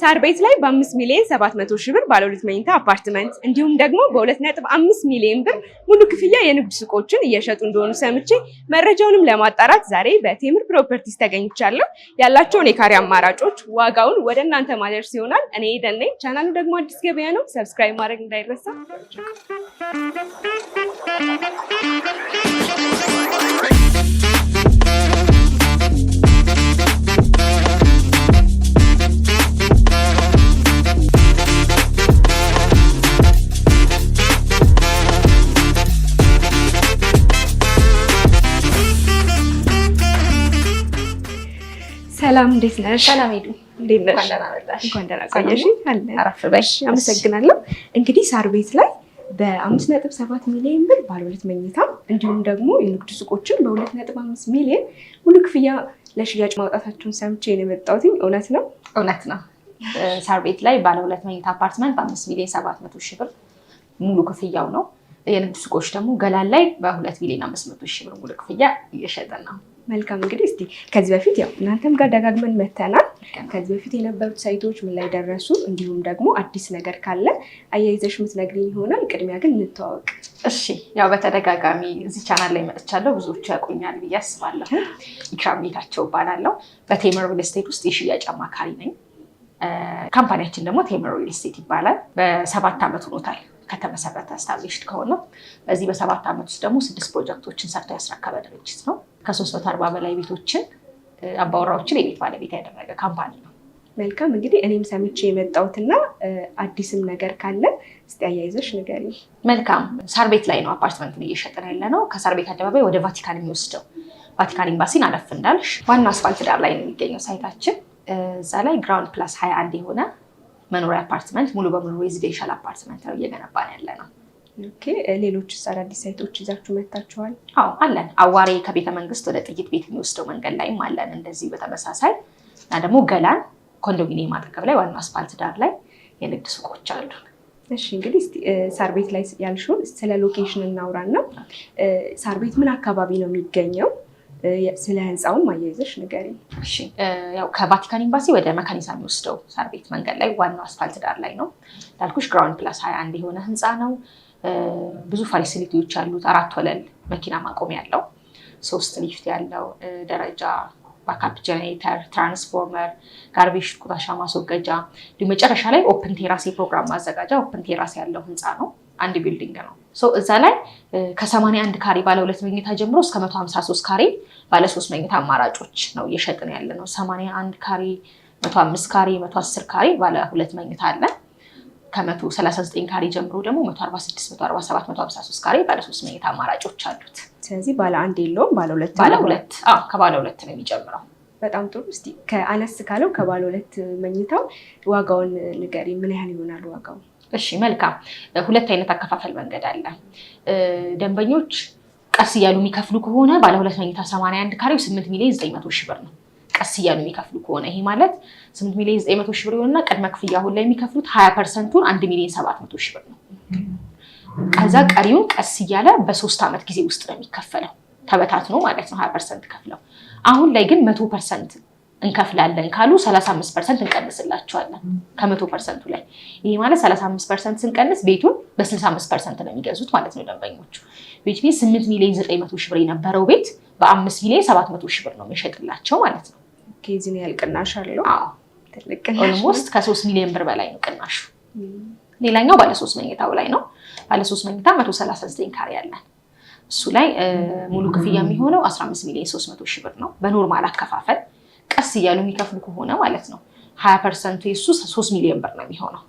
ሳር ቤት ላይ በ5 ሚሊዮን 700 ሺህ ብር ባለሁለት መኝታ አፓርትመንት እንዲሁም ደግሞ በ2.5 ሚሊዮን ብር ሙሉ ክፍያ የንግድ ሱቆችን እየሸጡ እንደሆኑ ሰምቼ መረጃውንም ለማጣራት ዛሬ በቴምር ፕሮፐርቲስ ተገኝቻለሁ። ያላቸውን የካሬ አማራጮች ዋጋውን ወደ እናንተ ማድረስ ይሆናል። እኔ ደን ነኝ። ቻናሉ ደግሞ አዲስ ገበያ ነው። ሰብስክራይብ ማድረግ እንዳይረሳ። ሰላም እንዴት ነሽ? ሰላም ሄዱ እንዴት ነሽ? እንኳን ደህና ቆየሽ። አረፍ በይ። አመሰግናለሁ። እንግዲህ ሳር ቤት ላይ በአምስት ነጥብ ሰባት ሚሊዮን ብር ባለ ሁለት መኝታ እንዲሁም ደግሞ የንግድ ሱቆችን በሁለት ነጥብ አምስት ሚሊዮን ሙሉ ክፍያ ለሽያጭ ማውጣታቸውን ሰምቼ ነው የመጣሁት። እውነት ነው? እውነት ነው። ሳር ቤት ላይ ባለ ሁለት መኝታ አፓርትመንት በአምስት ሚሊዮን ሰባት መቶ ሺህ ብር ሙሉ ክፍያው ነው። የንግድ ሱቆች ደግሞ ገላን ላይ በሁለት ሚሊዮን አምስት መቶ ሺህ ብር ሙሉ ክፍያ እየሸጠ ነው። መልካም እንግዲህ እስቲ ከዚህ በፊት ያው እናንተም ጋር ደጋግመን መተናል። ከዚህ በፊት የነበሩት ሳይቶች ምን ላይ ደረሱ፣ እንዲሁም ደግሞ አዲስ ነገር ካለ አያይዘሽ የምትነግሪኝ ይሆናል። ቅድሚያ ግን እንተዋወቅ። እሺ፣ ያው በተደጋጋሚ እዚህ ቻናል ላይ መጥቻለሁ፣ ብዙዎቹ ያቆኛል ብዬ አስባለሁ። ኢክራም ጌታቸው እባላለሁ። በቴምር ሪል ስቴት ውስጥ የሽያጭ አማካሪ ነኝ። ካምፓኒያችን ደግሞ ቴምር ሪል ስቴት ይባላል። በሰባት ዓመት ሆኖታል ከተመሰረተ ስታብሊሽድ ከሆነ። በዚህ በሰባት ዓመት ውስጥ ደግሞ ስድስት ፕሮጀክቶችን ሰርቶ ያስረከበ ድርጅት ነው። ከሶስት መቶ አርባ በላይ ቤቶችን አባወራዎችን የቤት ባለቤት ያደረገ ካምፓኒ ነው። መልካም እንግዲህ እኔም ሰምቼ የመጣሁትና አዲስም ነገር ካለ እስቲ አያይዘሽ ንገሪ። መልካም ሳር ቤት ላይ ነው አፓርትመንትን እየሸጥን ያለ ነው። ከሳር ቤት አደባባይ ወደ ቫቲካን የሚወስደው ቫቲካን ኤምባሲን አለፍ እንዳልሽ ዋና አስፋልት ዳር ላይ ነው የሚገኘው ሳይታችን። እዛ ላይ ግራውንድ ፕላስ ሀያ አንድ የሆነ መኖሪያ አፓርትመንት ሙሉ በሙሉ ሬዚደንሻል አፓርትመንት ነው እየገነባን ያለ ነው። ሌሎችስ አዳዲስ ሳይቶች ይዛችሁ መታችኋል? አዎ አለን። አዋሬ ከቤተ መንግስት ወደ ጥይት ቤት የሚወስደው መንገድ ላይም አለን እንደዚህ በተመሳሳይ እና ደግሞ ገላን ኮንዶሚኒየም አጠገብ ላይ ዋናው አስፋልት ዳር ላይ የንግድ ሱቆች አሉ። እሺ እንግዲህ ሳር ቤት ላይ ያልሽውን ስለ ሎኬሽን ነው። ሳር ቤት ምን አካባቢ ነው የሚገኘው? ስለ ህንፃውን ማያይዘሽ ንገሪኝ። ያው ከቫቲካን ኤምባሲ ወደ መካኒሳ የሚወስደው ሳር ቤት መንገድ ላይ ዋናው አስፋልት ዳር ላይ ነው። እንዳልኩሽ ግራውንድ ፕላስ ሀያ አንድ የሆነ ህንፃ ነው። ብዙ ፋሲሊቲዎች ያሉት አራት ወለል መኪና ማቆሚያ ያለው ሶስት ሊፍት ያለው ደረጃ ባካፕ ጀኔሬተር፣ ትራንስፎርመር፣ ጋርቤሽ ቆሻሻ ማስወገጃ እንዲሁ መጨረሻ ላይ ኦፕን ቴራስ የፕሮግራም ማዘጋጃ ኦፕን ቴራስ ያለው ህንፃ ነው። አንድ ቢልዲንግ ነው። እዛ ላይ ከሰማንያ አንድ ካሬ ባለ ሁለት መኝታ ጀምሮ እስከ መቶ ሀምሳ ሶስት ካሬ ባለ ሶስት መኝታ አማራጮች ነው እየሸጥን ያለ ነው። ሰማንያ አንድ ካሬ፣ መቶ አምስት ካሬ፣ መቶ አስር ካሬ ባለ ሁለት መኝታ አለን። ከ139 ካሬ ጀምሮ ደግሞ 146፣ 147፣ 153 ካሬ ባለሶስት መኝታ አማራጮች አሉት። ስለዚህ ባለ አንድ የለውም፣ ባለ ሁለት ባለ ሁለት ከባለ ሁለት ነው የሚጀምረው። በጣም ጥሩ። እስኪ ከአነስ ካለው ከባለ ሁለት መኝታው ዋጋውን ንገሪ። ምን ያህል ይሆናል ዋጋው? እሺ መልካም። ሁለት አይነት አከፋፈል መንገድ አለ። ደንበኞች ቀስ እያሉ የሚከፍሉ ከሆነ ባለ ሁለት መኝታ 81 ካሬው 8 ሚሊዮን 900 ሺህ ብር ነው። ቀስ እያሉ የሚከፍሉ ከሆነ ይሄ ማለት ስምንት ሚሊዮን ዘጠኝ መቶ ሺህ ብር ይሆንና ቅድመ ክፍያ አሁን ላይ የሚከፍሉት ሀያ ፐርሰንቱን አንድ ሚሊዮን ሰባት መቶ ሺህ ብር ነው። ከዛ ቀሪውን ቀስ እያለ በሶስት ዓመት ጊዜ ውስጥ ነው የሚከፈለው ተበታትኖ ማለት ነው ሀያ ፐርሰንት ከፍለው። አሁን ላይ ግን መቶ ፐርሰንት እንከፍላለን ካሉ ሰላሳ አምስት ፐርሰንት እንቀንስላቸዋለን ከመቶ ፐርሰንቱ ላይ። ይሄ ማለት ሰላሳ አምስት ፐርሰንት ስንቀንስ ቤቱን በስልሳ አምስት ፐርሰንት ነው የሚገዙት ማለት ነው ደንበኞቹ። ቤት ቤት ስምንት ሚሊዮን ዘጠኝ መቶ ሺህ ብር የነበረው ቤት በአምስት ሚሊዮን ሰባት መቶ ሺህ ብር ነው የሚሸጥላቸው ማለት ነው። የዚህን ያህል ቅናሽ አለው። ኦልሞስት ከሶስት ሚሊዮን ብር በላይ ነው ቅናሹ። ሌላኛው ባለሶስት መኝታው ላይ ነው። ባለሶስት መኝታ መቶ ሰላሳ ዘጠኝ ካሬ ያለን እሱ ላይ ሙሉ ክፍያ የሚሆነው አስራ ሚሊዮን ሶስት መቶ ሺህ ብር ነው። በኖርማል አከፋፈል ቀስ እያሉ የሚከፍሉ ከሆነ ማለት ነው ሀያ ፐርሰንቱ የሱ ሶስት ሚሊዮን ብር ነው የሚሆነው።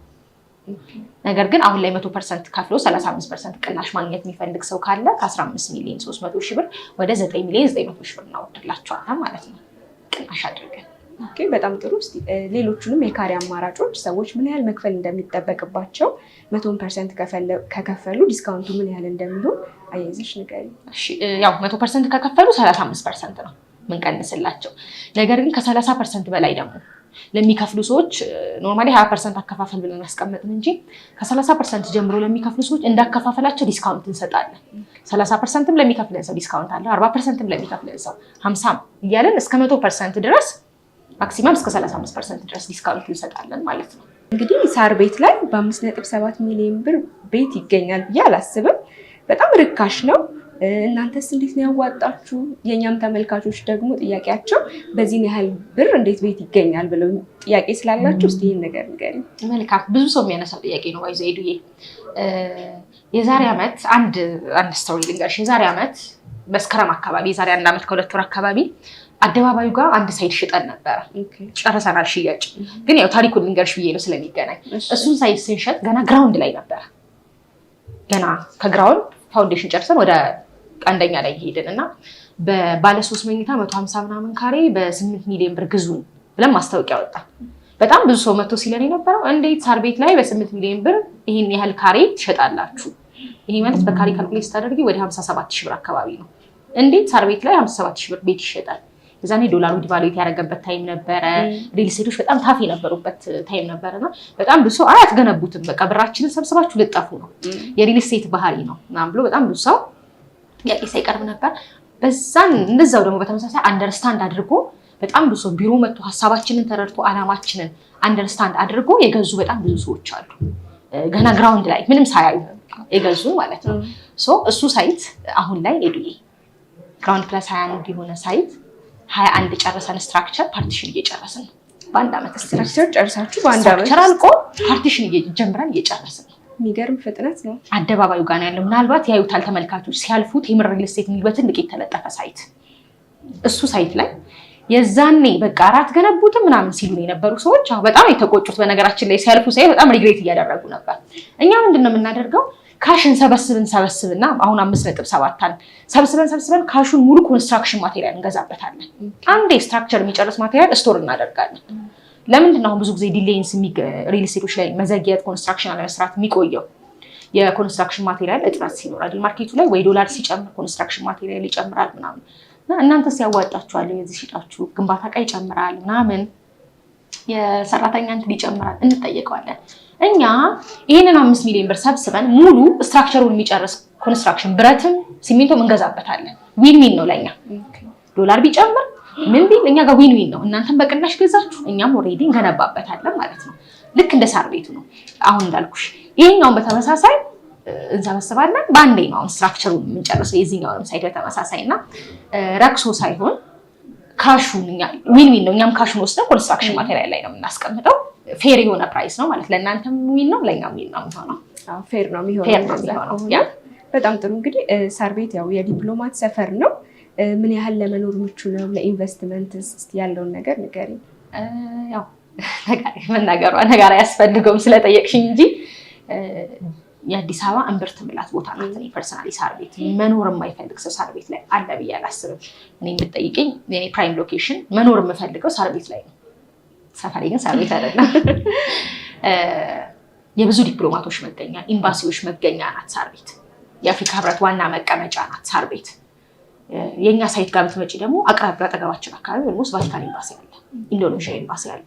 ነገር ግን አሁን ላይ መቶ ፐርሰንት ከፍሎ ሰላሳ አምስት ፐርሰንት ቅናሽ ማግኘት የሚፈልግ ሰው ካለ ከአስራ አምስት ሚሊዮን ሶስት መቶ ሺህ ብር ወደ ዘጠኝ ሚሊዮን ዘጠኝ መቶ ሺህ ብር እናወርድላቸዋለን ማለት ነው። ቅናሽ አድርገን በጣም ጥሩ። እስቲ ሌሎቹንም የካሪ አማራጮች ሰዎች ምን ያህል መክፈል እንደሚጠበቅባቸው መቶን ፐርሰንት ከከፈሉ ዲስካውንቱ ምን ያህል እንደሚሆን አያይዘሽ ንገሪኝ። ያው መቶ ፐርሰንት ከከፈሉ ሰላሳ አምስት ፐርሰንት ነው ምንቀንስላቸው። ነገር ግን ከሰላሳ ፐርሰንት በላይ ደግሞ ለሚከፍሉ ሰዎች ኖርማሊ 20 ፐርሰንት አከፋፈል ብለን አስቀመጥን እንጂ ከ30 ፐርሰንት ጀምሮ ለሚከፍሉ ሰዎች እንዳከፋፈላቸው ዲስካውንት እንሰጣለን። 30 ፐርሰንትም ለሚከፍለን ሰው ዲስካውንት አለ፣ 40 ለሚከፍለን ሰው 50ም እያለን እስከ 100 ፐርሰንት ድረስ ማክሲማም እስከ 35 ፐርሰንት ድረስ ዲስካውንት እንሰጣለን ማለት ነው። እንግዲህ ሳር ቤት ላይ በ5.7 ሚሊዮን ብር ቤት ይገኛል ብዬ አላስብም። በጣም ርካሽ ነው። እናንተስ እንዴት ነው ያዋጣችሁ? የእኛም ተመልካቾች ደግሞ ጥያቄያቸው በዚህን ያህል ብር እንዴት ቤት ይገኛል ብለው ጥያቄ ስላላችሁ እስኪ ይህን ነገር ንገሪ። መልካም ብዙ ሰው የሚያነሳው ጥያቄ ነው። ይዘ ሄዱዬ የዛሬ ዓመት አንድ አንድ ስቶሪ ልንገርሽ። የዛሬ ዓመት መስከረም አካባቢ የዛሬ አንድ ዓመት ከሁለት ወር አካባቢ አደባባዩ ጋር አንድ ሳይድ ሽጠን ነበረ። ጨርሰናል ሽያጭ። ግን ያው ታሪኩን ልንገርሽ ብዬ ነው ስለሚገናኝ። እሱን ሳይድ ስንሸጥ ገና ግራውንድ ላይ ነበረ። ገና ከግራውንድ ፋውንዴሽን ጨርሰን ወደ አንደኛ ላይ ይሄድን እና ባለሶስት መኝታ መቶ ሀምሳ ምናምን ካሬ በስምንት ሚሊዮን ብር ግዙን ብለን ማስታወቂያ ወጣ። በጣም ብዙ ሰው መጥቶ ሲለን የነበረው እንዴት ሳር ቤት ላይ በስምንት ሚሊዮን ብር ይህን ያህል ካሬ ትሸጣላችሁ? ይሄ ማለት በካሬ ካልኩሌት ስታደርጊ ወደ ሀምሳ ሰባት ሺህ ብር አካባቢ ነው። እንዴት ሳር ቤት ላይ ሀምሳ ሰባት ሺህ ብር ቤት ይሸጣል? የዛኔ ዶላሩ ዲቫሉዌት ያደረገበት ታይም ነበረ። ሪል ስቴቶች በጣም ታፍ የነበሩበት ታይም ነበረ እና በጣም ብዙ ሰው አይ አትገነቡትም፣ በቃ ብራችንን ሰብስባችሁ ልጠፉ ነው የሪል ስቴት ባህሪ ነው ምናምን ብሎ በጣም ብዙ ሰው ጥያቄ ሳይቀርብ ነበር። በዛን እንደዛው ደግሞ በተመሳሳይ አንደርስታንድ አድርጎ በጣም ብዙ ሰው ቢሮ መጥቶ ሀሳባችንን ተረድቶ አላማችንን አንደርስታንድ አድርጎ የገዙ በጣም ብዙ ሰዎች አሉ። ገና ግራውንድ ላይ ምንም ሳያዩ የገዙ ማለት ነው። እሱ ሳይት አሁን ላይ ኤዱኤ ግራውንድ ፕላስ ሀያ አንድ የሆነ ሳይት ሀያ አንድ ጨረሰን ስትራክቸር ፓርቲሽን እየጨረስን ነው። በአንድ ዓመት ስትራክቸር ጨርሳችሁ በአንድ ዓመት ስትራክቸር አልቆ ፓርቲሽን ጀምረን እየጨረስን ነው። የሚገርም ፍጥነት ነው። አደባባዩ ጋር ነው ያለው። ምናልባት ያዩታል ተመልካቾች ሲያልፉት የምር ሪል ስቴት የሚል በትልቅ የተለጠፈ ሳይት፣ እሱ ሳይት ላይ የዛኔ በቃ አራት ገነቡትም ምናምን ሲሉ የነበሩ ሰዎች አሁን በጣም የተቆጩት በነገራችን ላይ ሲያልፉ ሳይ በጣም ሪግሬት እያደረጉ ነበር። እኛ ምንድን ነው የምናደርገው? ካሽን ሰበስብን ሰበስብና አሁን አምስት ነጥብ ሰባታን ሰብስበን ሰብስበን ካሹን ሙሉ ኮንስትራክሽን ማቴሪያል እንገዛበታለን። አንዴ ስትራክቸር የሚጨርስ ማቴሪያል ስቶር እናደርጋለን። ለምንድን ነው አሁን ብዙ ጊዜ ዲሌይንስ ሪል ስቴቶች ላይ መዘግየት ኮንስትራክሽን አለመስራት የሚቆየው? የኮንስትራክሽን ማቴሪያል እጥረት ሲኖር አይደል? ማርኬቱ ላይ ወይ ዶላር ሲጨምር ኮንስትራክሽን ማቴሪያል ይጨምራል ምናምን። እናንተስ ያዋጣችኋል? እዚህ ሲጣችሁ ግንባታ ዕቃ ይጨምራል ምናምን፣ የሰራተኛ እንትን ይጨምራል እንጠየቀዋለን። እኛ ይህንን አምስት ሚሊዮን ብር ሰብስበን ሙሉ ስትራክቸሩን የሚጨርስ ኮንስትራክሽን ብረትም ሲሚንቶም እንገዛበታለን። ዊን ዊን ነው ለኛ ዶላር ቢጨምር ምን ቢል እኛ ጋር ዊን ዊን ነው። እናንተም በቅናሽ ገዛችሁ፣ እኛም ኦልሬዲ እንገነባበታለን ማለት ነው። ልክ እንደ ሳር ቤቱ ነው። አሁን እንዳልኩሽ ይሄኛውን በተመሳሳይ እንሰበስባለን። በአንዴ ነው አሁን ስትራክቸሩ የምንጨርሰው። የዚህኛውንም ሳይድ በተመሳሳይ እና ረክሶ ሳይሆን ካሹን ዊን ዊን ነው። እኛም ካሹን ወስደን ኮንስትራክሽን ማቴሪያል ላይ ነው የምናስቀምጠው። ፌር የሆነ ፕራይስ ነው ማለት ለእናንተም ዊን ነው፣ ለእኛም ዊን ነው የሚሆነው። ፌር ነው የሚሆነው። በጣም ጥሩ እንግዲህ ሳር ቤት ያው የዲፕሎማት ሰፈር ነው ምን ያህል ለመኖር ምቹ ነው? ለኢንቨስትመንት እስኪ ያለውን ነገር ንገሪ። ያው መናገሯ ነገር አያስፈልገውም ስለጠየቅሽኝ እንጂ የአዲስ አበባ እምብርት ምላት ቦታ ናት። እኔ ፐርሰናሊ ሳር ቤት መኖር የማይፈልግ ሰው ሳር ቤት ላይ አለ ብዬ አላስብም። እኔ የምጠይቅኝ የኔ ፕራይም ሎኬሽን መኖር የምፈልገው ሳር ቤት ላይ ነው። ሰፈሬ ግን ሳር ቤት አይደለም። የብዙ ዲፕሎማቶች መገኛ፣ ኤምባሲዎች መገኛ ናት ሳር ቤት። የአፍሪካ ህብረት ዋና መቀመጫ ናት ሳር ቤት። የእኛ ሳይት ጋር ብትመጪ ደግሞ አቅራቢያ አጠገባችን አካባቢ ኦልሞስት ቫቲካን ኤምባሲ አለ፣ ኢንዶኔዥያ ኤምባሲ አለ፣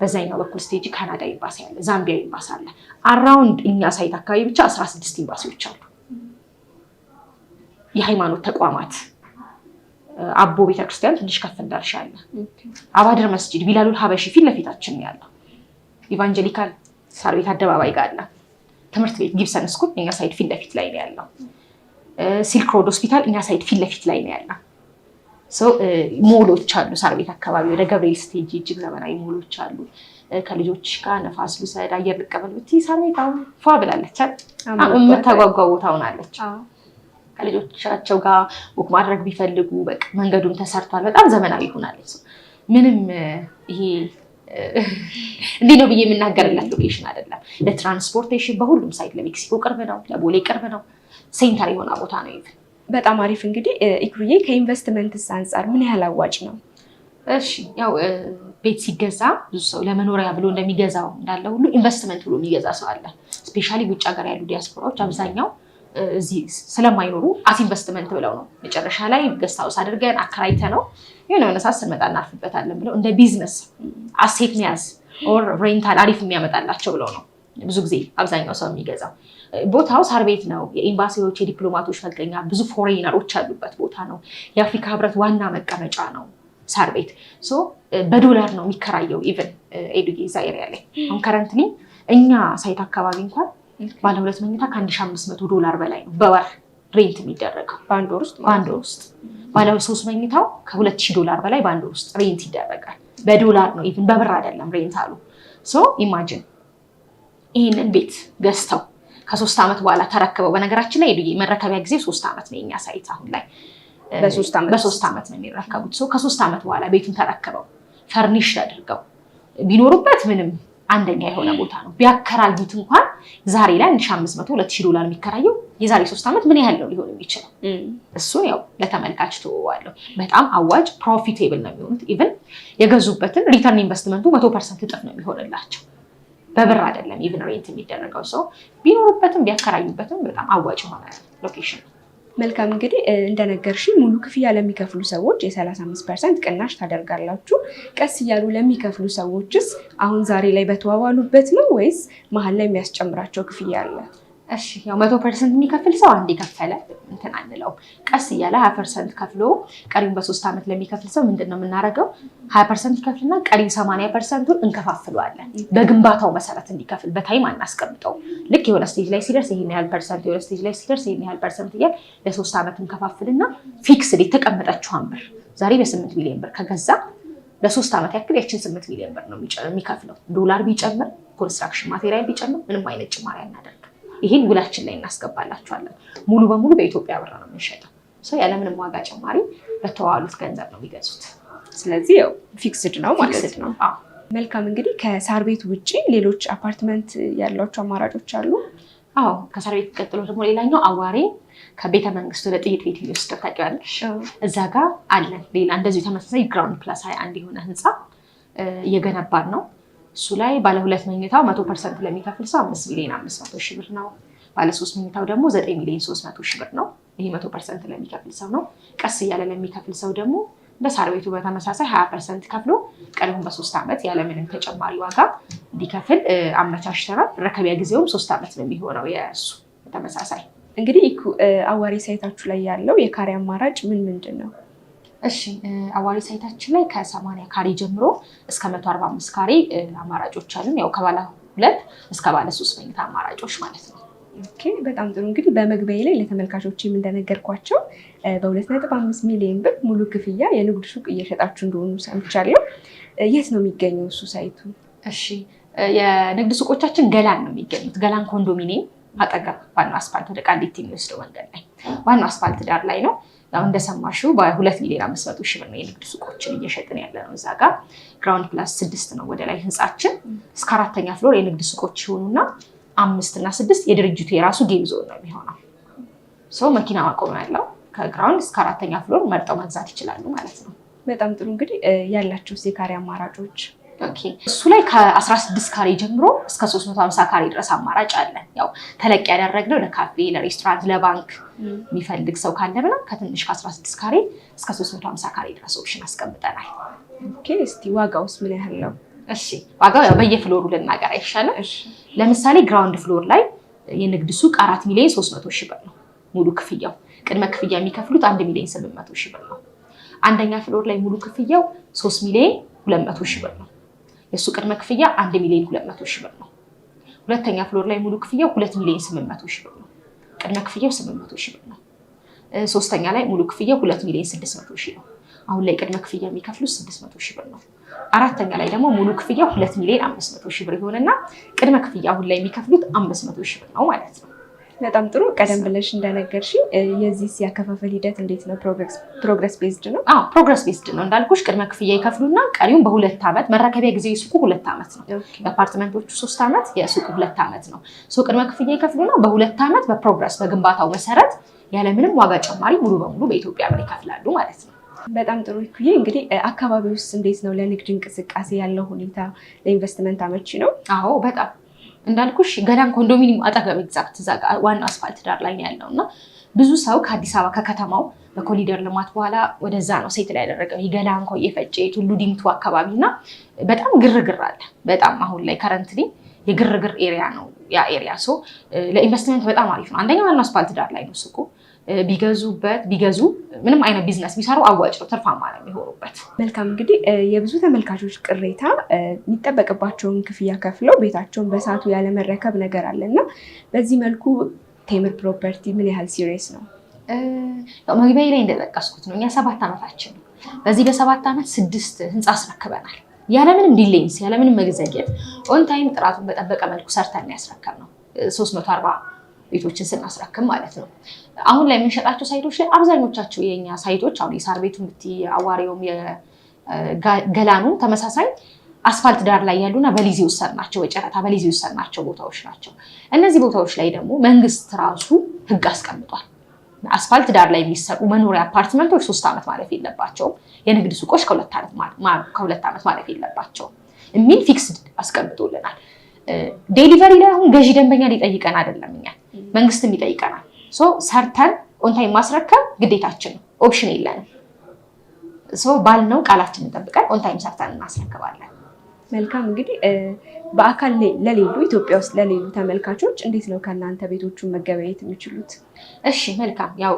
በዛኛው በኩል ስቴጅ ካናዳ ኤምባሲ አለ፣ ዛምቢያ ኤምባሲ አለ። አራውንድ እኛ ሳይት አካባቢ ብቻ አስራ ስድስት ኤምባሲዎች አሉ። የሃይማኖት ተቋማት አቦ ቤተክርስቲያን ትንሽ ከፍ እንዳልሻ አለ፣ አባድር መስጂድ፣ ቢላሉል ሀበሺ ፊት ለፊታችን ያለው ኢቫንጀሊካል ሳር ቤት አደባባይ ጋር አለ፣ ትምህርት ቤት ጊብሰን ስኩል የኛ ሳይት ፊት ለፊት ላይ ነው ያለው። ሲልክ ሮድ ሆስፒታል እኛ ሳይድ ፊት ለፊት ላይ ነው ያለው። ሞሎች አሉ፣ ሳር ቤት አካባቢ ወደ ገብርኤል ስቴጅ እጅግ ዘመናዊ ሞሎች አሉ። ከልጆች ጋር ነፋስ ልውሰድ አየር ልቀበል ብትይ ሳር ቤት አሁን ፏ ብላለች፣ የምታጓጓ ቦታ ሆናለች። ከልጆቻቸው ጋር ወክ ማድረግ ቢፈልጉ በቃ መንገዱም ተሰርቷል፣ በጣም ዘመናዊ ሆናለች። ምንም ይሄ እንዲህ ነው ብዬ የምናገርለት ሎኬሽን አይደለም። ለትራንስፖርቴሽን በሁሉም ሳይት ለሜክሲኮ ቅርብ ነው፣ ለቦሌ ቅርብ ነው። ሴንተር የሆነ ቦታ ነው። ይሄ በጣም አሪፍ። እንግዲህ ኢኩርዬ ከኢንቨስትመንትስ አንጻር ምን ያህል አዋጭ ነው? እሺ ያው ቤት ሲገዛ ብዙ ሰው ለመኖሪያ ብሎ እንደሚገዛው እንዳለ ሁሉ ኢንቨስትመንት ብሎ የሚገዛ ሰው አለ። ስፔሻሊ ውጭ ሀገር ያሉ ዲያስፖራዎች አብዛኛው እዚህ ስለማይኖሩ አት ኢንቨስትመንት ብለው ነው መጨረሻ ላይ ገስታውስ አድርገን አከራይተ ነው የሆነ የሆነ ሰዓት ስንመጣ እናርፍበታለን ብለው እንደ ቢዝነስ አሴት መያዝ ኦር ሬንታል አሪፍ የሚያመጣላቸው ብለው ነው ብዙ ጊዜ አብዛኛው ሰው የሚገዛው። ቦታው ሳር ቤት ነው። የኤምባሲዎች የዲፕሎማቶች መገኛ፣ ብዙ ፎሬነሮች ያሉበት ቦታ ነው። የአፍሪካ ህብረት ዋና መቀመጫ ነው ሳር ቤት። በዶላር ነው የሚከራየው። ኢቨን ኤዱጌ ዛይር ያለ አሁን ከረንትሊ እኛ ሳይት አካባቢ እንኳን ባለ ሁለት መኝታ ከአንድ ሺህ አምስት መቶ ዶላር በላይ ነው በወር ሬንት የሚደረገው በአንድ ወር ውስጥ በአንድ ወር ውስጥ ባለ ሶስት መኝታው ከሁለት ሺህ ዶላር በላይ በአንድ ወር ውስጥ ሬንት ይደረጋል። በዶላር ነው ኢቨን በብር አይደለም ሬንት አሉ ሶ ኢማጂን ይሄንን ቤት ገዝተው ከሶስት ዓመት በኋላ ተረክበው በነገራችን ላይ ዱዬ መረከቢያ ጊዜ ሶስት ዓመት ነው የኛ ሳይት አሁን ላይ በሶስት ዓመት ነው የሚረከቡት። ሰው ከሶስት ዓመት በኋላ ቤቱን ተረክበው ፈርኒሽ አድርገው ቢኖሩበት ምንም አንደኛ የሆነ ቦታ ነው። ቢያከራዩት እንኳን ዛሬ ላይ አንድ ሺህ ሁለት ዶላር የሚከራየው የዛሬ ሶስት ዓመት ምን ያህል ነው ሊሆን የሚችለው? እሱን ያው ለተመልካች ትወዋለሁ። በጣም አዋጭ ፕሮፊቴብል ነው የሚሆኑት። ኢቨን የገዙበትን ሪተርን ኢንቨስትመንቱ መቶ ፐርሰንት እጥፍ ነው የሚሆንላቸው። በብር አይደለም ኢቭን ሬንት የሚደረገው ሰው ቢኖሩበትም ቢያከራዩበትም በጣም አዋጭ የሆነ ሎኬሽን ነው። መልካም እንግዲህ እንደነገርሽ ሙሉ ክፍያ ለሚከፍሉ ሰዎች የ35 ፐርሰንት ቅናሽ ታደርጋላችሁ። ቀስ እያሉ ለሚከፍሉ ሰዎችስ አሁን ዛሬ ላይ በተዋዋሉበት ነው ወይስ መሀል ላይ የሚያስጨምራቸው ክፍያ አለ? እሺ ያው መቶ ፐርሰንት የሚከፍል ሰው አንድ የከፈለ እንትን ቀስ እያለ ሀያ ፐርሰንት ከፍሎ ቀሪም በሶስት ዓመት ለሚከፍል ሰው ምንድን ነው የምናደርገው? ሀያ ፐርሰንት ይከፍልና ቀሪ ሰማንያ ፐርሰንቱን እንከፋፍለዋለን በግንባታው መሰረት እንዲከፍል በታይም አናስቀምጠው። ልክ የሆነ ስቴጅ ላይ ሲደርስ ይህን ያህል ፐርሰንት፣ የሆነ ስቴጅ ላይ ሲደርስ ይህን ያህል ፐርሰንት እያል ለሶስት ዓመት እንከፋፍልና ፊክስድ የተቀመጠችዋን ብር ዛሬ በስምንት ሚሊዮን ብር ከገዛ ለሶስት ዓመት ያክል ያችን ስምንት ሚሊዮን ብር ነው የሚከፍለው። ዶላር ቢጨምር ኮንስትራክሽን ማቴሪያል ቢጨምር ምንም አይነት ጭማሪ አናደርግ ይህን ውላችን ላይ እናስገባላችኋለን። ሙሉ በሙሉ በኢትዮጵያ ብር ነው የምንሸጠው። ሰው ያለምንም ዋጋ ጭማሪ በተዋሉት ገንዘብ ነው የሚገዙት። ስለዚህ ያው ፊክስድ ነው ማለት ነው። መልካም እንግዲህ ከሳር ቤት ውጭ ሌሎች አፓርትመንት ያሏቸው አማራጮች አሉ? አዎ ከሳር ቤት ቀጥሎ ደግሞ ሌላኛው አዋሬ ከቤተ መንግስት ወደ ጥይት ቤት የሚወስደው ታውቂዋለሽ? እዛ ጋር አለን ሌላ እንደዚሁ ተመሳሳይ ግራውንድ ፕላስ ሀያ አንድ የሆነ ህንፃ እየገነባን ነው እሱ ላይ ባለ ሁለት መኝታው መቶ ፐርሰንት ለሚከፍል ሰው አምስት ሚሊዮን አምስት መቶ ሺህ ብር ነው። ባለ ሶስት መኝታው ደግሞ ዘጠኝ ሚሊዮን ሶስት መቶ ሺህ ብር ነው። ይህ መቶ ፐርሰንት ለሚከፍል ሰው ነው። ቀስ እያለ ለሚከፍል ሰው ደግሞ እንደ ሳር ቤቱ በተመሳሳይ ሀያ ፐርሰንት ከፍሎ ቀደሙ በሶስት ዓመት ያለምንም ተጨማሪ ዋጋ እንዲከፍል አመቻችተናል። ረከቢያ ጊዜውም ሶስት ዓመት ለሚሆነው የሚሆነው። የእሱ በተመሳሳይ እንግዲህ አዋሪ ሳይታችሁ ላይ ያለው የካሬ አማራጭ ምን ምንድን ነው? እሺ አዋሪ ሳይታችን ላይ ከሰማንያ ካሬ ጀምሮ እስከ መቶ አርባ አምስት ካሬ አማራጮች አሉን። ያው ከባለ ሁለት እስከ ባለ ሶስት መኝታ አማራጮች ማለት ነው። ኦኬ በጣም ጥሩ እንግዲህ በመግቢያ ላይ ለተመልካቾችም እንደነገርኳቸው በሁለት ነጥብ አምስት ሚሊዮን ብር ሙሉ ክፍያ የንግድ ሱቅ እየሸጣችሁ እንደሆኑ ሰምቻለሁ። የት ነው የሚገኘው እሱ ሳይቱ? እሺ የንግድ ሱቆቻችን ገላን ነው የሚገኙት። ገላን ኮንዶሚኒየም አጠገብ ዋናው አስፋልት ወደ ቃሊቲ የሚወስደው መንገድ ላይ ዋናው አስፋልት ዳር ላይ ነው። አሁን እንደሰማሽው በሁለት ሚሊዮን አምስት መቶ ሺህ ብር ነው የንግድ ሱቆችን እየሸጥን ያለ ነው። እዛ ጋር ግራውንድ ፕላስ ስድስት ነው ወደ ላይ ህንፃችን እስከ አራተኛ ፍሎር የንግድ ሱቆች ሲሆኑና አምስት እና ስድስት የድርጅቱ የራሱ ጌም ዞን ነው የሚሆነው። ሰው መኪና ማቆም ያለው ከግራውንድ እስከ አራተኛ ፍሎር መርጠው መግዛት ይችላሉ ማለት ነው። በጣም ጥሩ እንግዲህ ያላቸው የካሬ አማራጮች እሱ ላይ ከ16 ካሬ ጀምሮ እስከ 350 ካሬ ድረስ አማራጭ አለን። ያው ተለቅ ያደረግነው ለካፌ፣ ለሬስቶራንት፣ ለባንክ የሚፈልግ ሰው ካለ ብላ ከትንሽ ከ16 ካሬ እስከ 350 ካሬ ድረስ ኦፕሽን አስቀምጠናል። እስቲ ዋጋውስ ምን ያህል ነው? እሺ ዋጋው ያው በየፍሎሩ ልናገር አይሻልም? ለምሳሌ ግራውንድ ፍሎር ላይ የንግድ ሱቅ አራት ሚሊዮን 300 ሽብር ሺህ ብር ነው ሙሉ ክፍያው። ቅድመ ክፍያ የሚከፍሉት አንድ ሚሊዮን ስምንት መቶ ሺህ ብር ነው። አንደኛ ፍሎር ላይ ሙሉ ክፍያው 3 ሚሊዮን 200 መቶ ሺህ ብር ነው። የእሱ ቅድመ ክፍያ አንድ ሚሊዮን ሁለት መቶ ሺህ ብር ነው። ሁለተኛ ፍሎር ላይ ሙሉ ክፍያው ሁለት ሚሊዮን ስምንት መቶ ሺህ ብር ነው። ቅድመ ክፍያው ስምንት መቶ ሺህ ብር ነው። ሶስተኛ ላይ ሙሉ ክፍያው ሁለት ሚሊዮን ስድስት መቶ ሺህ ነው። አሁን ላይ ቅድመ ክፍያ የሚከፍሉት ስድስት መቶ ሺህ ብር ነው። አራተኛ ላይ ደግሞ ሙሉ ክፍያው ሁለት ሚሊዮን አምስት መቶ ሺህ ብር ይሆንና ቅድመ ክፍያ አሁን ላይ የሚከፍሉት አምስት መቶ ሺህ ብር ነው ማለት ነው። በጣም ጥሩ። ቀደም ብለሽ እንደነገርሽ የዚህ ሲያከፋፈል ሂደት እንዴት ነው? ፕሮግረስ ቤዝድ ነው? አዎ ፕሮግረስ ቤዝድ ነው እንዳልኩሽ። ቅድመ ክፍያ ይከፍሉና ቀሪውን በሁለት ዓመት መረከቢያ ጊዜ ሱቁ ሁለት ዓመት ነው። የአፓርትመንቶቹ ሶስት ዓመት፣ የሱቁ ሁለት ዓመት ነው። ቅድመ ክፍያ ይከፍሉና በሁለት ዓመት በፕሮግረስ በግንባታው መሰረት ያለምንም ዋጋ ጨማሪ ሙሉ በሙሉ በኢትዮጵያ ብር ይከፍላሉ ማለት ነው። በጣም ጥሩ ይኩዬ። እንግዲህ አካባቢ ውስጥ እንዴት ነው ለንግድ እንቅስቃሴ ያለው ሁኔታ ለኢንቨስትመንት አመቺ ነው? አዎ በጣም እንዳልኩሽ ገዳን ኮንዶሚኒየም አጠገብ ኤግዛክት ዋና አስፋልት ዳር ላይ ያለው እና ብዙ ሰው ከአዲስ አበባ ከከተማው በኮሊደር ልማት በኋላ ወደዛ ነው ሴት ላይ ያደረገው የገዳን የፈጨ ቱሉ ዲምቱ አካባቢ እና በጣም ግርግር አለ። በጣም አሁን ላይ ከረንትሊ የግርግር ኤሪያ ነው ያ ኤሪያ። ሶ ለኢንቨስትመንት በጣም አሪፍ ነው። አንደኛ ዋና አስፋልት ዳር ላይ ነው ሱቁ ቢገዙበት ቢገዙ ምንም አይነት ቢዝነስ ቢሰሩ አዋጭ ነው፣ ትርፋማ ነው የሚሆኑበት። መልካም እንግዲህ የብዙ ተመልካቾች ቅሬታ የሚጠበቅባቸውን ክፍያ ከፍለው ቤታቸውን በሰዓቱ ያለመረከብ ነገር አለ እና በዚህ መልኩ ቴምር ፕሮፐርቲ ምን ያህል ሲሪየስ ነው? መግቢያ ላይ እንደጠቀስኩት ነው፣ እኛ ሰባት ዓመታችን ነው። በዚህ በሰባት ዓመት ስድስት ህንፃ አስረክበናል። ያለምንም ዲሌንስ ያለምንም መግዘጌት ኦንታይም ጥራቱን በጠበቀ መልኩ ሰርተን ያስረከብ ነው 340 ቤቶችን ስናስረክም ማለት ነው። አሁን ላይ የምንሸጣቸው ሳይቶች ላይ አብዛኞቻቸው የኛ ሳይቶች አሁን የሳር ቤቱ ምት አዋሪውም ገላኑ ተመሳሳይ አስፋልት ዳር ላይ ያሉና በሊዝ ውሰር ናቸው በጨረታ በሊዝ ውሰር ናቸው ቦታዎች ናቸው። እነዚህ ቦታዎች ላይ ደግሞ መንግስት ራሱ ህግ አስቀምጧል። አስፋልት ዳር ላይ የሚሰሩ መኖሪያ አፓርትመንቶች ሶስት ዓመት ማለፍ የለባቸውም፣ የንግድ ሱቆች ከሁለት ዓመት ማለፍ የለባቸውም የሚል ፊክስድ አስቀምጦልናል። ዴሊቨሪ ላይ አሁን ገዢ ደንበኛ ሊጠይቀን አይደለም መንግስትም ይጠይቀናል። ሰርተን ኦንታይም ማስረከብ ግዴታችን ነው፣ ኦፕሽን የለንም። ባልነው ቃላችንን ጠብቀን ኦንታይም ሰርተን እናስረክባለን። መልካም እንግዲህ በአካል ለሌሉ ኢትዮጵያ ውስጥ ለሌሉ ተመልካቾች እንዴት ነው ከእናንተ ቤቶቹን መገበያየት የሚችሉት? እሺ መልካም ያው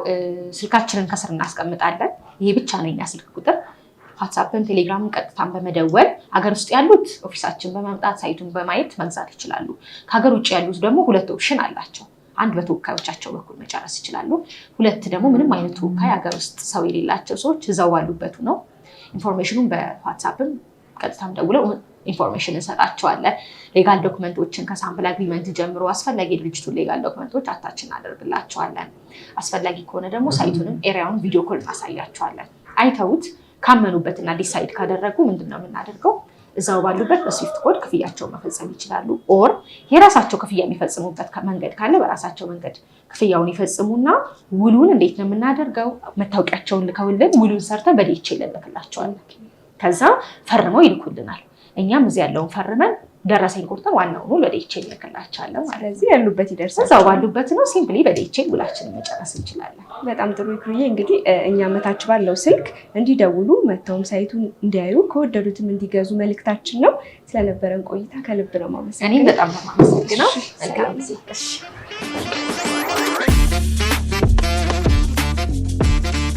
ስልካችንን ከስር እናስቀምጣለን። ይሄ ብቻ ነው የኛ ስልክ ቁጥር። ዋትሳፕን፣ ቴሌግራምን ቀጥታን በመደወል ሀገር ውስጥ ያሉት ኦፊሳችን በመምጣት ሳይቱን በማየት መግዛት ይችላሉ። ከሀገር ውጭ ያሉት ደግሞ ሁለት ኦፕሽን አላቸው አንድ በተወካዮቻቸው በኩል መጨረስ ይችላሉ። ሁለት ደግሞ ምንም አይነት ተወካይ ሀገር ውስጥ ሰው የሌላቸው ሰዎች እዛው ባሉበት ነው ኢንፎርሜሽኑን በዋትሳፕም ቀጥታም ደውለው ኢንፎርሜሽን እንሰጣቸዋለን። ሌጋል ዶክመንቶችን ከሳምፕል አግሪመንት ጀምሮ አስፈላጊ የድርጅቱን ሌጋል ዶክመንቶች አታች እናደርግላቸዋለን። አስፈላጊ ከሆነ ደግሞ ሳይቱንም ኤሪያውን ቪዲዮ ኮል እናሳያቸዋለን። አይተውት ካመኑበትና ዲሳይድ ካደረጉ ምንድን ነው የምናደርገው እዛው ባሉበት በስዊፍት ኮድ ክፍያቸውን መፈጸም ይችላሉ። ኦር የራሳቸው ክፍያ የሚፈጽሙበት መንገድ ካለ በራሳቸው መንገድ ክፍያውን ይፈጽሙና ውሉን እንዴት ነው የምናደርገው? መታወቂያቸውን ልከውልን ውሉን ሰርተን በዲኤችኤል እንልክላቸዋለን። ከዛ ፈርመው ይልኩልናል። እኛም እዚህ ያለውን ፈርመን ደረሰኝ ቁርጥን ዋናውኑ በዴቼን ልክላቸዋለን። ስለዚህ ያሉበት ይደርሳል። እዛው ባሉበት ነው። ሲምፕሊ በዴቼን ውላችንን መጨረስ እንችላለን። በጣም ጥሩ ይክሩዬ። እንግዲህ እኛ መታች ባለው ስልክ እንዲደውሉ መተውም ሳይቱን እንዲያዩ ከወደዱትም እንዲገዙ መልእክታችን ነው። ስለነበረን ቆይታ ከልብ ነው ማመሰግነው። እኔም በጣም ነው ማመሰግነው። መልካም